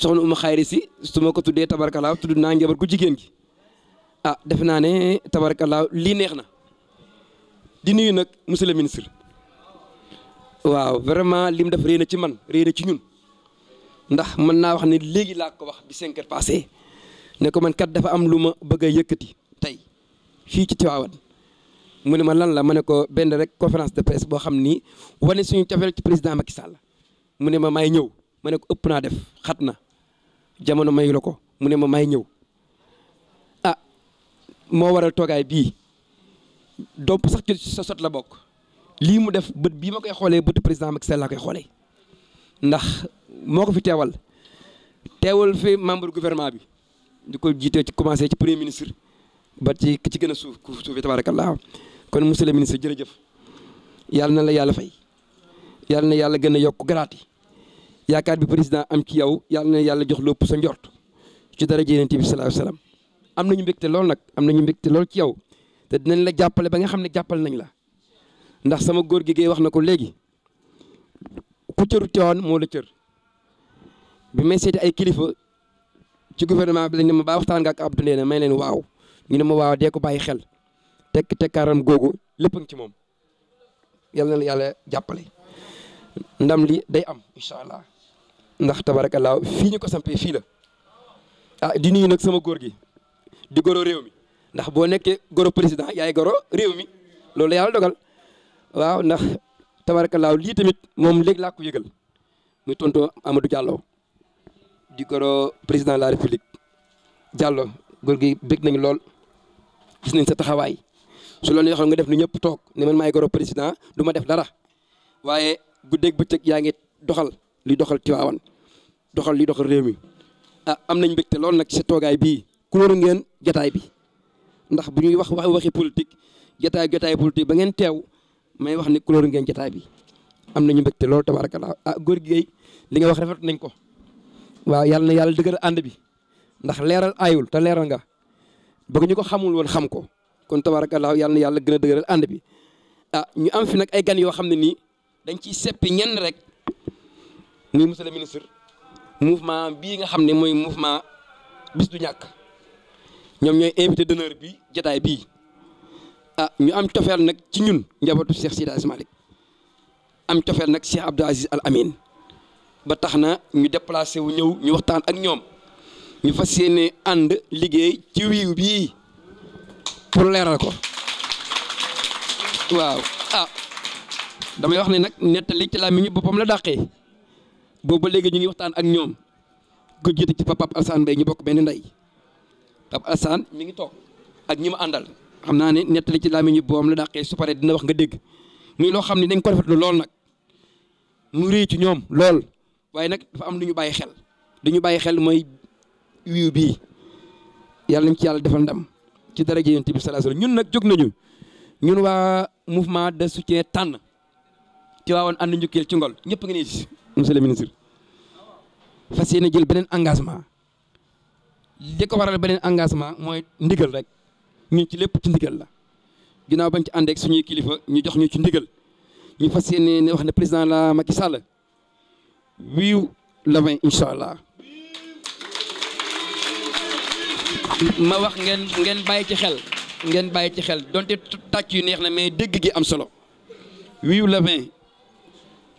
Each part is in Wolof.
soxna Ouma Xayri si su ma ko tuddee tabarkalaaw tudd naa njabar ku jigéen gi ah defe naa ne tabarkalaaw lii neex na di nuyu nag monsieur le ministre waaw vraiment lim def réy na ci man réy ci ñun ndax mën naa wax ne léegi laa ko wax bi cinq heures ne ko man kat dafa am lu ma bëgg a yëkkati tey fii ci Tivaouane mu ne ma lan la ma ne ko benn rek conférence de presse boo xam ni wane suñu cofeel ci président Macky Sall mu ne ma may ñëw ma ne ko ëpp naa def xat na jamono may la ko mu ne ma may ñëw ah moo waral toogaay bii dopp sax ci sot la bokk lii mu def bët bii ma koy xoolee bëtu président Macky Sall laa koy xoolee ndax moo ko fi teewal teewal fi membre gouvernement bi di ko jiitee ci commencé ci premier ministre ba ci ci gën a suuf suufi tabarakallah kon monsieur le ministre jërëjëf yàlla na la yàlla fay yàlla na yàlla gën a yokk garaat yi yaakaar bi président am ci yow yàlla na yàlla jox lépp sa njort ci dara Yonent bi sallallahu alayhi am na ñu nañu mbégte lool nag am nañu mbégte lool ci yow te dinañ la jàppale ba nga xam ne jàppal nañ la ndax sama góor gi Guèye wax na ko léegi ku cëru moo la cër bi may ay kilifa ci gouvernement bi lañ ne ma ba waxtaan nga ak may leen waaw ñu ne ma waaw dee ko bàyyi xel tekk tekkaaram googu lépp a ngi ci moom yàlla na yàlla jàppale ndam li day am incha allah. ndax tabarakallah fii ñu ko sampee fii la ah di nuyu nag sama góor gi di goro réew mi ndax boo nekkee goro président yaay goro réew mi loolu yàlla dogal waaw ndax law lii tamit moom léegi laa ko yégal muy tonton Amadou Diallo di goro président la république Diallo góor gi bég nañ lool gis nañ sa taxawaay su loolu yoo xam nga def nu ñëpp toog ne man maay goro président du ma def dara waaye guddeeg bëccëg yaa ngi doxal li doxal Tiwaawan doxal li doxal réew mi ah am nañ mbégte lool nag si toogaay bii kulóoru ngeen jataay bi ndax bu ñuy wax wax waxi politique jataay jataay politique ba ngeen teew may wax ne kulóoru ngeen jataay bi am nañu mbégte lool tabaarakallaa ah góor gi li nga wax rafet nañ ko waaw yàlla na yàlla dëgëral ànd bi ndax leeral aayul te leeral nga bëgg ñu ko xamul woon xam ko kon tabaarakallaa yàlla na yàlla gën a dëgëral ànd bi ah ñu am fi nag ay gan yoo xam ne nii dañ ciy seppi ñenn rek muy monsieur le ministre mouvement bii nga xam ne mooy mouvement bis du ñàkk ñoom ñooy invité d'honneur bi jataay bii ah ñu am cofeel nag ci ñun njabootu Cheikh Sidi Aziz am cofeel nag Cheikh Abdou Aziz Al Amin ba tax na ñu déplacé wu ñëw ñu waxtaan ak ñoom ñu fas yéene ànd liggéey ci wiiw bii pour leeral ko waaw ah damay wax ne nag nettali ci làmmiñu boppam la dàqee boobu ba léegi ñu ngi waxtaan ak ñoom ku jiite ci Pape Alassane Mbaye ñu bokk benn ndey Pape Alassane mi ngi toog ak ñi ma àndal xam naa ne nettali ci làmmiñ ñu boom la dàqee su paree dina wax nga dégg muy loo xam ne dañ ko rafetlu lool nag mu ci ñoom lool waaye nag dafa am lu ñu bàyyi xel lu bàyyi xel mooy bii yàlla nañ ci yàlla defal ndam ci daraja Yonent bi sallallahu ñun nag jóg nañu ñun waa mouvement de soutien tànn ci waawoon ànd njukkeel ci ngol ñëpp nga ne monsieur le ministre fas yéene jël beneen engagement li ko waral beneen engagement mooy ndigal rek ñu ci lépp ci ndigal la ginnaaw bañ ci ànd ak suñuy kilifa ñu jox ñu ci ndigal ñu fas yéene ne wax ne président la Macky Sall wiiw la may incha allah ma wax ngeen ngeen bàyyi ci xel ngeen bàyyi ci xel donte tàcc yu neex na mais dégg gi am solo wiiw la may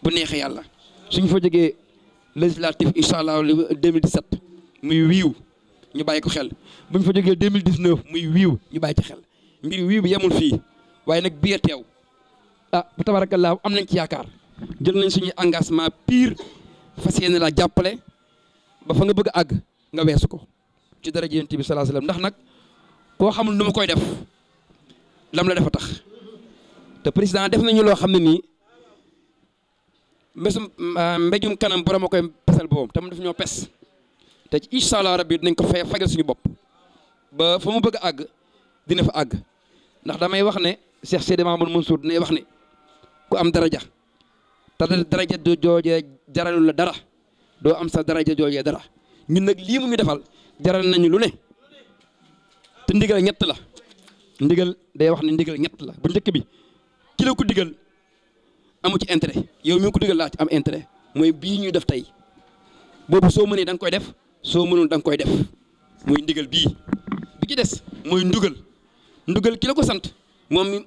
bu neexe yàlla suñ fa jógee législatif incha allah 2017 muy wiiw ñu bàyyi ko xel buñ fa jógee 2019 muy wiiw ñu bàyyi ci xel mbir wiiw bi yemul fii waaye nag biir teew ah bu tabaarakallaa am nañ ci yaakaar jël nañ suñuy engagement pire fas yéene laa jàppale ba fa nga bëgg àgg nga weesu ko ci dara Yonent bi sallallahu alayhi ndax nag koo xamul nu ma koy def la dafa tax nañu loo xam ne nii. mbésum euh, mbéjum kanam borom a koy pesal boom tam daf ñoo pes te ci incha allah rabbi dinañ ko fay fagal suñu bopp ba foo mu bëgg a àgg dina fa àgg ndax damay wax ne Cheikh Seydi Mahamadou Mansour dinay wax ne ku am daraja te daraja du joojee jaralul la dara doo am sa daraja joojee dara ñun nag lii mu ñu defal jaral nañu lu ne te ndigal ñett la ndigal day wax ne ndigal ñett la bu njëkk bi ki ko digal amu ci intérêt yow mi ngi ko digal laa am intérêt mooy bii ñuy def tey boobu soo mënee danga koy def soo mënul danga koy def muy bii bi ci des mooy ndugal ndugal ki la ko sant moom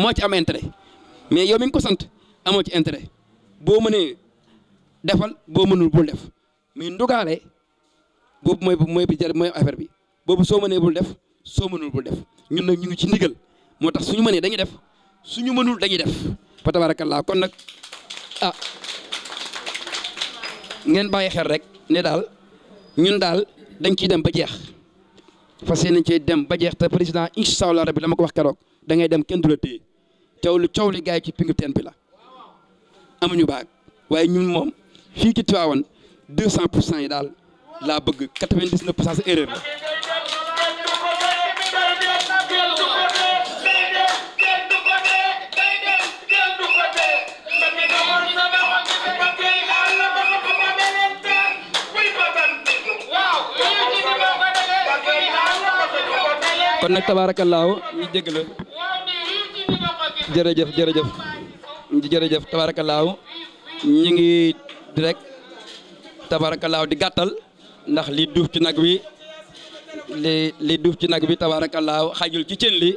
moo ci am intérêt mais yow mi ko sant amoo ci intérêt boo mënee defal boo mënul bul def mais ndugaale boobu mooy mooy bi jar mooy affaire bi boobu soo mënee bul def soo mënul bul def ñun nag ñu ngi ci ndigal moo tax suñu mënee dañuy def suñu mënul dañuy def fa tabaarakallaa kon nag ah ngeen bàyyi xel rek ne daal ñun daal dañ ciy dem ba jeex fas nañ cee dem ba jeex te président incha allah rabi dama ko wax keroog da ngay dem kenn du la téye coow li coow li gars yi ci pingu teen bi la amuñu baag waaye ñun moom fii ci Tivaouane deux cent pour cent yi daal laa bëgg quatre-vingt-dix-neuf pour cent sa erreur kon nag tabaarakallaahu ñu jégalu jërëjëf jërëjëf jërëjëf tabaarakallaahu ñu ngi rek tabaarakallaahu di gàttal ndax li duuf ci nag wi li li duuf ci nag bi tabaarakallaahu xajul ci cën li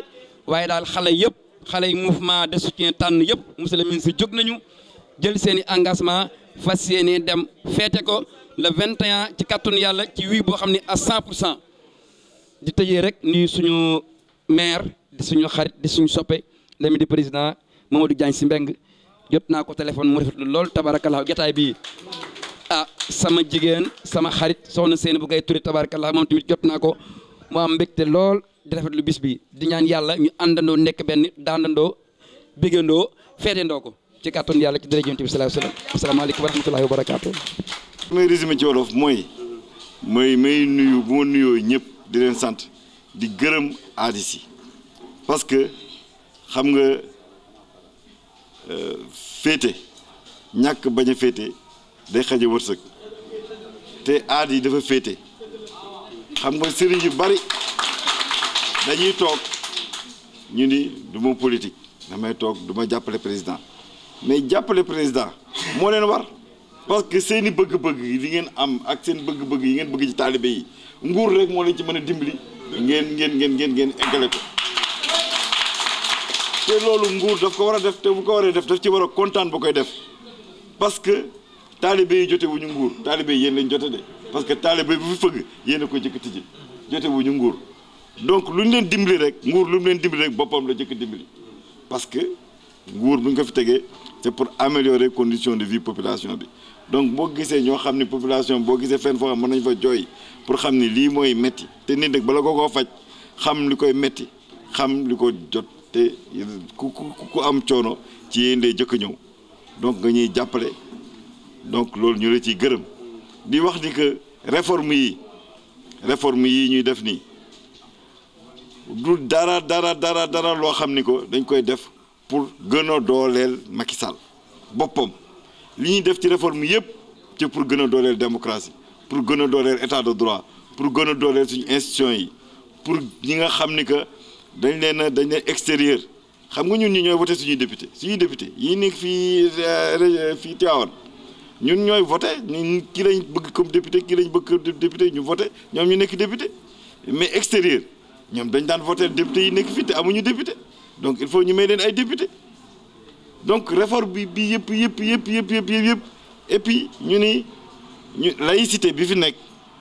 waaye daal xale yëpp xale yi mouvement de soutien tànn yëpp musulmin si jóg nañu jël seen i engagement fas yéene dem feete ko le 21 ci kàttanu yàlla ci wii boo xam ne à 100 pour cent di tëjee rek nuyu suñu maire di suñu xarit di suñu soppe lami di président Mamadou Diagne si mbeng jot naa ko téléphone mu rafetlu lool tabarakallah jotaay bii ah sama jigéen sama xarit soxna seen bu ngay turé tabarakallah moom tamit jot naa ko mu am mbégte lool di rafetlu bis bi di ñaan yàlla ñu àndandoo nekk benn daandandoo bégandoo feetendoo ko ci kàttan yàlla ci dërëjënt bi sallallahu alayhi wasallam asalaamaaleykum wa rahmatullahi wa barakaatu mooy mooy may nuyu bu ñëpp di leen sant di gërëm aadis yi parce que xam nga euh, féete ñàkk bañ féete day xaje wërsëg te aad yi dafa féete xam nga sëriñ yu bari dañuy toog ñu ni du ma politique damay toog du ma jàppale président mais jàppale président moo leen war parce que seeni bëgg-bëgg yi li ngeen am ak seen bëgg-bëgg yi ngeen bëgg ci taalibe yi nguur rek moo leen ci mën a dimbali ngeen ngeen ngeen ngeen ngeen eggale ko te loolu nguur daf ko war a def te bu ko waree def daf ci war a kontaan ba koy def parce que taalibe yi jote wu ñu nguur taalibe yi yéen lañ jote de parce que taalibe bi fi fëgg yéen a ko jëkk tijji jote wu ñu nguur donc lu ñu leen dimbali rek nguur lu mu leen dimbali rek boppam la jëkk dimbali parce que nguur bu ñu fi tegee c'est pour améliorer condition de vie population bi donc boo gisee ñoo xam ne population boo gisee fenn foo xam mën nañ fa jooy pour xam ni lii mooy métti te nit nag bala ko koo faj xam li koy métti xam li ko jot te ku ku am coono ci yéen day jëkk ñëw donc nga ñuy jàppale donc loolu ñu la gërëm di wax ni que réforme yi réforme yi ñuy def nii du dara dara dara dara loo xam ni ko dañ koy def pour gën a dooleel Macky Sall boppam li ñuy def ci réforme yëpp ci pour gën a dooleel démocratie pour gën a dooleel état de droit pour gën a dooleel suñu institution yi pour ñi nga xam ni que dañ leen a dañ leen extérieur xam nga ñun ñi ñooy voté suñuy député suñu député yi nekk fii euh, euh, fii Tivaouane ñun ñooy voté ñu kii lañ bëgg comme député kii lañ bëgg comme député ñu voté ñoom ñu nekk député mais extérieur ñoom dañ daan voté député yi nekk fii te amuñu député donc il faut ñu may leen ay député donc réforme bi bi yëpp yëpp yëpp yëpp yëpp yëpp et puis ñu ni ñu bi fi nekk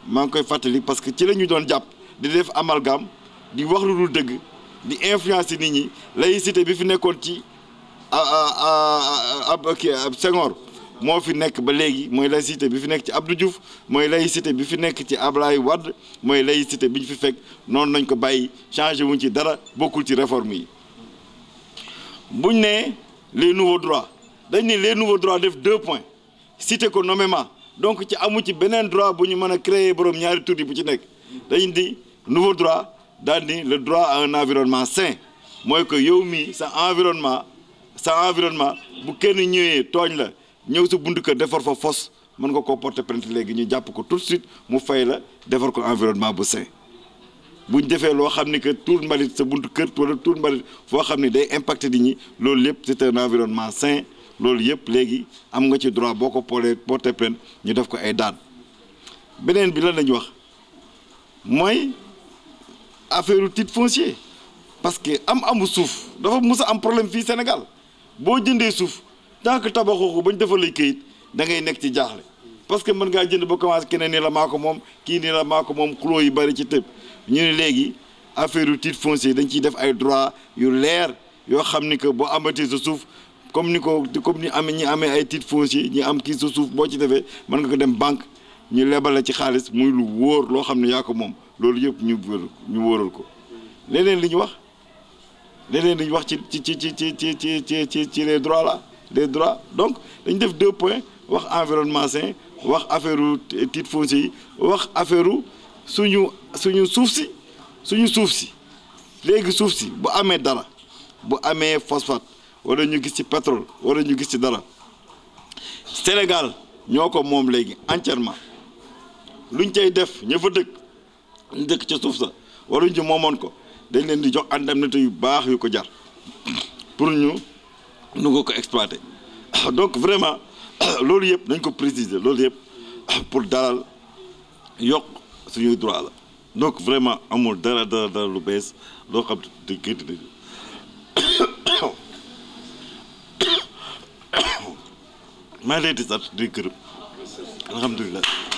maa ngi koy fàttali parce que ci la ñu doon jàpp di def amalgame di wax lu dul dëgg di influencer nit ñi laïcité bi fi nekkoon ci ab Senghor moo fi nekk ba léegi mooy laïcité bi fi nekk ci Abdou Diouf mooy laïcité bi fi nekk ci Ablaye Wade mooy laïcité bi ñu fi fekk noonu nañ ko bàyyi changé wuñ ci dara bokkul ci réforme yi buñ ne les nouveaux droit dañ ni les nouveaux droits def deux points cité ko nommément donc ci amu ci beneen droit bu ñu mën a créer borom ñaari tur bu ci nekk dañ di nouveau droit daal di le droit à un environnement mooy que yow mii sa environnement sa environnement bu kenn ñëwee tooñ la ñëw sa buntu kër defar fa fos mën nga ko porte plainte léegi ñu jàpp ko tout suite mu fay la defar ko environnement bu sain buñ defee loo xam ni que tuur mbalit sa buntu kër wala tuur mbalit foo xam ni day impacté nit ñi loolu yëpp c'est un environnement sain loolu yëpp léegi am nga ci droit boo ko poolee porté plainte ñu def ko ay daan beneen bi lan lañu wax mooy affaire titre foncier parce que am amu suuf dafa mus a am problème fii Sénégal boo jëndee suuf tant que tabaxoo ko bañ defal lay këyit da ngay nekk ci jaaxle parce que mën ngaa jënd ba commencé keneen ni la maa ko moom kii ni la maa ko moom xuloo yu bëri ci tëb ñu ne léegi affaire yu titre foncier dañu ciy def ay droit yu leer yoo xam ni que boo amatee sa suuf comme ni ko comme ni amee ñi amee ay titre foncier ñi am kii sa suuf boo ci defee mën nga ko dem banque ñu lebal la ci xaalis muy lu wóor loo xam ne yaa ko moom loolu yëpp ñu ñu wóoral ko leneen li ñu wax leneen li ñu wax ci ci ci ci ci ci ci ci les droits là les droits donc dañ def deux points wax environnement sain wax affaire titre foncier yi wax affaire suñu suñu suuf si suñu suuf si léegi suuf si bu amee dara bu amee phosphate wala ñu gis ci pétrole wala ñu gis ci dara Sénégal ñoo ko moom léegi entièrement luñ cay def ña fa dëkk ñu dëkk ca suuf sa wala ñu moomoon ko dañ leen di jox indemnité yu baax yu ko jar pour ñu nu ko ko exploiter donc vraiment. loolu yëpp nañ ko préciser loolu yëpp pour dalal yokk suñuy droit la donc vraiment amul dara dara dara lu bees loo xam di génti nañu maa ngi leen di sant di gërëm alhamdulilah